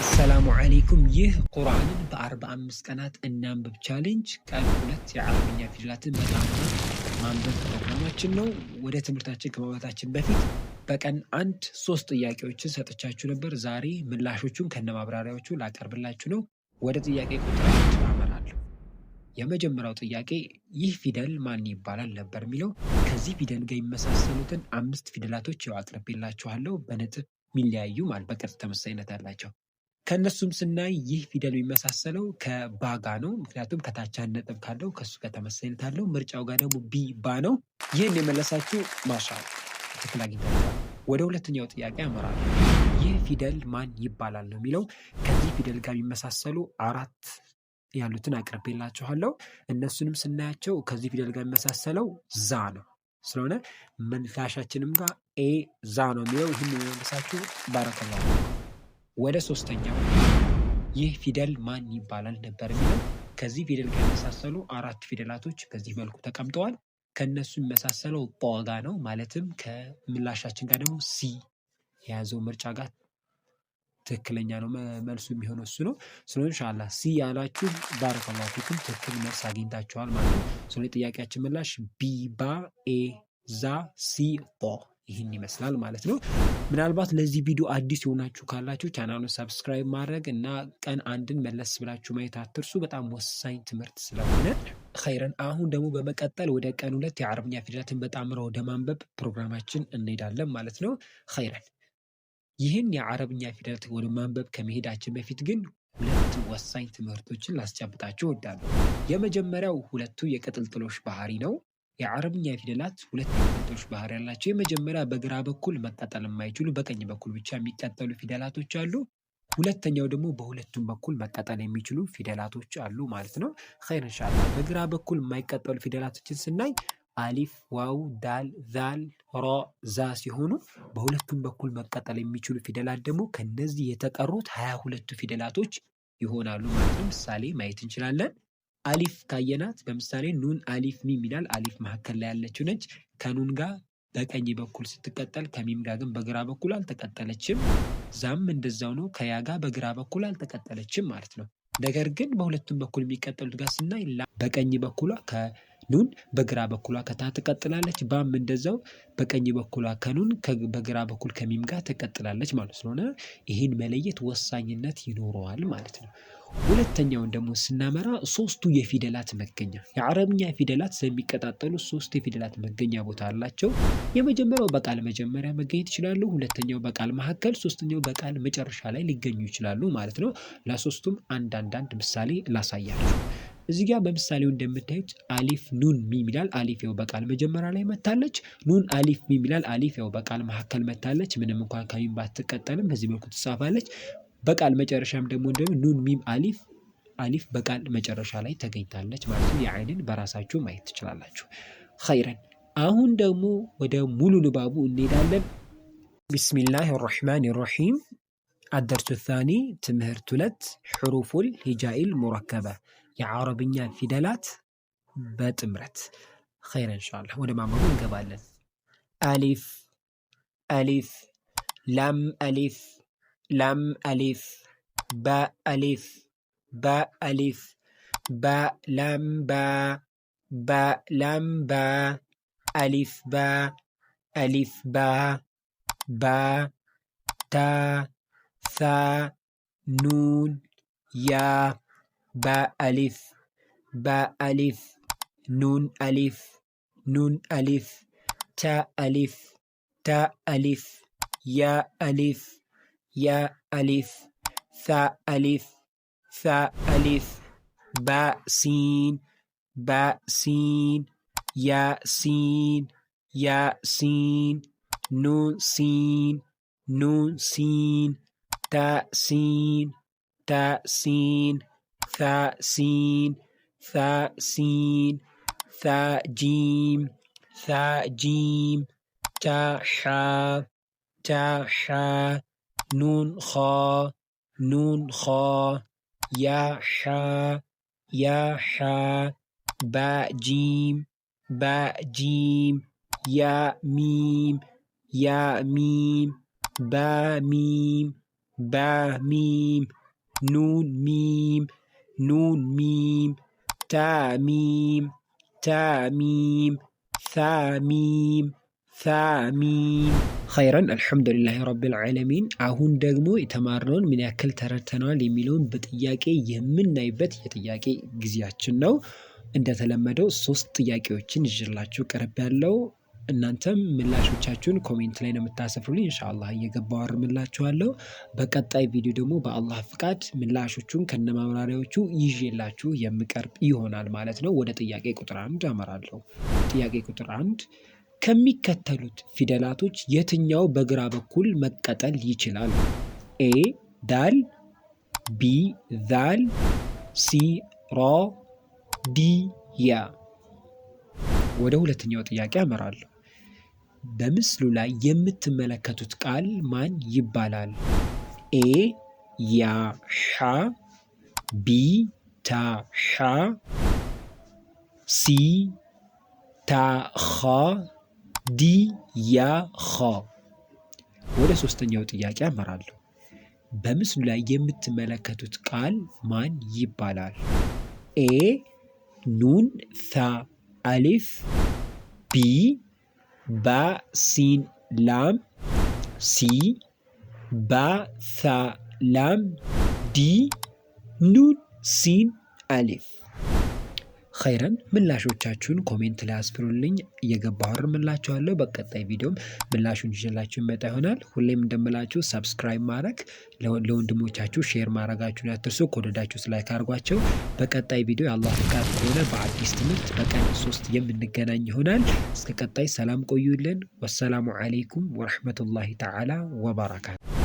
አሰላሙ አለይኩም። ይህ ቁርአንን በ45 ቀናት እናንብብ ቻሌንጅ ቀን ሁለት የአረብኛ ፊደላትን መጻፍና ማንበብ ፕሮግራማችን ነው። ወደ ትምህርታችን ከመግባታችን በፊት በቀን አንድ ሶስት ጥያቄዎችን ሰጥቻችሁ ነበር። ዛሬ ምላሾቹን ከነማብራሪያዎቹ ላቀርብላችሁ ነው። ወደ ጥያቄ ቁጥራችን አመራለሁ። የመጀመሪያው ጥያቄ ይህ ፊደል ማን ይባላል ነበር የሚለው። ከዚህ ፊደል ጋር የሚመሳሰሉትን አምስት ፊደላቶች ያው አቅርቤላችኋለሁ በነጥብ የሚለያዩ ማለት በቅርጽ ተመሳሳይነት አላቸው። ከእነሱም ስናይ ይህ ፊደል የሚመሳሰለው ከባጋ ነው። ምክንያቱም ከታች አንድ ነጥብ ካለው ከእሱ ጋር ተመሳሳይነት አለው። ምርጫው ጋር ደግሞ ቢ ባ ነው። ይህን የመለሳችሁ ማሻል ትክክል ወደ ሁለተኛው ጥያቄ አመራል። ይህ ፊደል ማን ይባላል ነው የሚለው ከዚህ ፊደል ጋር የሚመሳሰሉ አራት ያሉትን አቅርቤላችኋለሁ። እነሱንም ስናያቸው ከዚህ ፊደል ጋር የሚመሳሰለው ዛ ነው ስለሆነ መላሻችንም ጋር ኤ ዛ ነው የሚለው ይህን የሚመለሳችሁ ባረከላ ወደ ሶስተኛው ይህ ፊደል ማን ይባላል ነበር የሚለው ከዚህ ፊደል ጋር የመሳሰሉ አራት ፊደላቶች በዚህ መልኩ ተቀምጠዋል። ከእነሱ የሚመሳሰለው ጋ ነው። ማለትም ከምላሻችን ጋር ደግሞ ሲ የያዘው ምርጫ ጋር ትክክለኛ ነው መልሱ የሚሆነው እሱ ነው። ስለሆነ ሻላ ሲ ያላችሁ ባረከላሁ ትክክል መልስ አግኝታችኋል ማለት ነው። ስለዚህ ጥያቄያችን ምላሽ ቢ፣ ባ፣ ኤ፣ ዛ፣ ሲ፣ ይህን ይመስላል ማለት ነው። ምናልባት ለዚህ ቪዲዮ አዲስ የሆናችሁ ካላችሁ ቻናሉን ሰብስክራይብ ማድረግ እና ቀን አንድን መለስ ብላችሁ ማየት አትርሱ። በጣም ወሳኝ ትምህርት ስለሆነ ኸይረን። አሁን ደግሞ በመቀጠል ወደ ቀን ሁለት የአረብኛ ፊደላትን በጣምራ ወደ ማንበብ ፕሮግራማችን እንሄዳለን ማለት ነው። ኸይረን። ይህን የአረብኛ ፊደላት ወደ ማንበብ ከመሄዳችን በፊት ግን ሁለት ወሳኝ ትምህርቶችን ላስጨብጣችሁ እወዳለሁ። የመጀመሪያው ሁለቱ የቅጥልጥሎሽ ባህሪ ነው። የአረብኛ ፊደላት ሁለት አይነቶች ባህሪ ያላቸው። የመጀመሪያ በግራ በኩል መቃጠል የማይችሉ በቀኝ በኩል ብቻ የሚቀጠሉ ፊደላቶች አሉ። ሁለተኛው ደግሞ በሁለቱም በኩል መቀጠል የሚችሉ ፊደላቶች አሉ ማለት ነው። ኸይር እንሻላ። በግራ በኩል የማይቀጠሉ ፊደላቶችን ስናይ አሊፍ፣ ዋው፣ ዳል፣ ዛል፣ ሮ፣ ዛ ሲሆኑ በሁለቱም በኩል መቀጠል የሚችሉ ፊደላት ደግሞ ከነዚህ የተቀሩት ሀያ ሁለቱ ፊደላቶች ይሆናሉ ማለት ነው። ምሳሌ ማየት እንችላለን። አሊፍ ካየናት ለምሳሌ ኑን አሊፍ ሚም ይላል። አሊፍ መካከል ላይ ያለችው ነች። ከኑን ጋር በቀኝ በኩል ስትቀጠል፣ ከሚም ጋር ግን በግራ በኩል አልተቀጠለችም። ዛም እንደዛው ነው። ከያ ጋር በግራ በኩል አልተቀጠለችም ማለት ነው። ነገር ግን በሁለቱም በኩል የሚቀጠሉት ጋር ስናይ በቀኝ በኩሏ ከኑን በግራ በኩሏ ከታ ትቀጥላለች። ባም እንደዛው በቀኝ በኩሏ ከኑን በግራ በኩል ከሚም ጋር ትቀጥላለች ማለት ስለሆነ ይህን መለየት ወሳኝነት ይኖረዋል ማለት ነው። ሁለተኛውን ደግሞ ስናመራ ሶስቱ የፊደላት መገኛ የአረብኛ ፊደላት ስለሚቀጣጠሉ ሶስት የፊደላት መገኛ ቦታ አላቸው። የመጀመሪያው በቃል መጀመሪያ መገኘት ይችላሉ። ሁለተኛው በቃል መካከል፣ ሶስተኛው በቃል መጨረሻ ላይ ሊገኙ ይችላሉ ማለት ነው። ለሶስቱም አንዳንዳንድ ምሳሌ ላሳያችሁ። እዚህ ጋር በምሳሌው እንደምታዩት አሊፍ ኑን ሚም ይላል። አሊፍ ያው በቃል መጀመሪያ ላይ መታለች። ኑን አሊፍ ሚም ይላል። አሊፍ ያው በቃል መካከል መታለች። ምንም እንኳን ከሚም ባትቀጠልም በዚህ መልኩ ትጻፋለች። በቃል መጨረሻም ደግሞ እንደውም ኑን ሚም አሊፍ አሊፍ በቃል መጨረሻ ላይ ተገኝታለች ማለት ነው። የአይንን በራሳችሁ ማየት ትችላላችሁ። ኸይረን አሁን ደግሞ ወደ ሙሉ ንባቡ እንሄዳለን። ቢስሚላህ ራሕማን ራሒም አደርሱ ታኒ ትምህርት ሁለት ሕሩፉል ሂጃኢል ሙረከበ የአረብኛ ፊደላት በጥምረት ኸይረ እንሻላ ወደ ማንበቡ እንገባለን። አሊፍ አሊፍ ላም አሊፍ لم ألف باء ألف باء ألف باء لم باء باء لم باء ألف باء ألف باء باء تا ثا نون يا باء ألف باء ألف نون ألف نون ألف تا ألف تاء ألف يا ألف يا ألف ثاء ألف ثاء ألف باء سين باء سين يا سين يا سين نون سين نون سين تاء سين تاء سين ثاء سين ثاء سين ثاء جيم ثاء جيم تاء حاء تاء حاء نون خا نون خا یا حا یا حا با جیم با جیم یا میم یا میم با میم با میم نون میم نون میم تا میم تا میم ثا میم ثا میم ኸይረን አልሐምዱሊላህ ረብል ዓለሚን። አሁን ደግሞ የተማርነውን ምን ያክል ተረድተነዋል የሚለውን በጥያቄ የምናይበት የጥያቄ ጊዜያችን ነው። እንደተለመደው ሶስት ጥያቄዎችን ይዤላችሁ ቀርብ ያለው እናንተም ምላሾቻችሁን ኮሜንት ላይ ነው የምታሰፍሩልኝ። እንሻላ እየገባው አርምላችኋለሁ። በቀጣይ ቪዲዮ ደግሞ በአላህ ፍቃድ ምላሾቹን ከነማብራሪያዎቹ ይዤላችሁ የምቀርብ ይሆናል ማለት ነው። ወደ ጥያቄ ቁጥር አንድ አመራለሁ። ጥያቄ ቁጥር አንድ ከሚከተሉት ፊደላቶች የትኛው በግራ በኩል መቀጠል ይችላል? ኤ ዳል፣ ቢ ዛል፣ ሲ ሮ፣ ዲ ያ። ወደ ሁለተኛው ጥያቄ አመራለሁ። በምስሉ ላይ የምትመለከቱት ቃል ማን ይባላል? ኤ ያ ሻ፣ ቢ ታ ሻ፣ ሲ ታ ኻ ዲያኻ። ወደ ሶስተኛው ጥያቄ አመራለሁ። በምስሉ ላይ የምትመለከቱት ቃል ማን ይባላል? ኤ ኑን ታ አሊፍ ቢ ባ ሲን ላም ሲ ባ ታ ላም ዲ ኑን ሲን አሊፍ ኸይረን ምላሾቻችሁን ኮሜንት ላይ አስፍሩልኝ። እየገባሁ አርምላችኋለሁ። በቀጣይ ቪዲዮም ምላሹን ይዤላችሁ ይመጣ ይሆናል። ሁሌም እንደምላችሁ ሰብስክራይብ ማድረግ ለወንድሞቻችሁ ሼር ማድረጋችሁን ያትርሱ። ከወደዳችሁ ስላይክ አድርጓቸው። በቀጣይ ቪዲዮ የአላህ ፍቃድ ከሆነ በአዲስ ትምህርት በቀን ሶስት የምንገናኝ ይሆናል። እስከ ቀጣይ ሰላም ቆዩልን። ወሰላሙ አሌይኩም ወረሕመቱላሂ ተዓላ ወበረካቱ